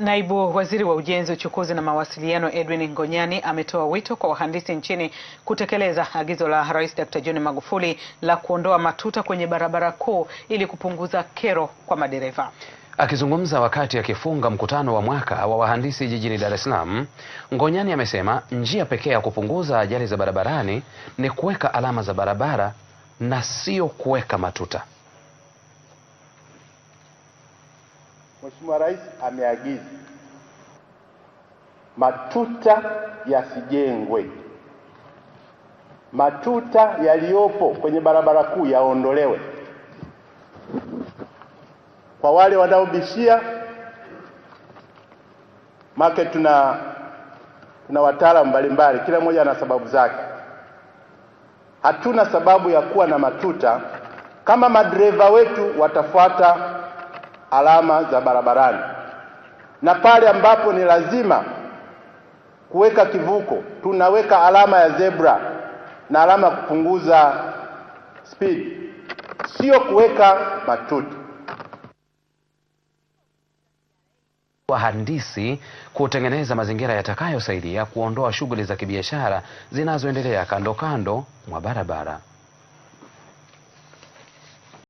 Naibu Waziri wa Ujenzi, Uchukuzi na Mawasiliano Edwin Ngonyani ametoa wito kwa wahandisi nchini kutekeleza agizo la Rais Dr. John Magufuli la kuondoa matuta kwenye barabara kuu ili kupunguza kero kwa madereva. Akizungumza wakati akifunga mkutano wa mwaka wa wahandisi jijini Dar es Salaam, Ngonyani amesema njia pekee ya kupunguza ajali za barabarani ni kuweka alama za barabara na sio kuweka matuta. Mheshimiwa Rais ameagiza matuta yasijengwe, matuta yaliyopo kwenye barabara kuu yaondolewe. Kwa wale wanaobishia make, tuna tuna wataalamu mbalimbali, kila mmoja ana sababu zake. Hatuna sababu ya kuwa na matuta kama madereva wetu watafuata alama za barabarani, na pale ambapo ni lazima kuweka kivuko tunaweka alama ya zebra na alama ya kupunguza speed, sio kuweka matuti. Wahandisi kutengeneza mazingira yatakayosaidia kuondoa shughuli za kibiashara zinazoendelea kando kando mwa barabara.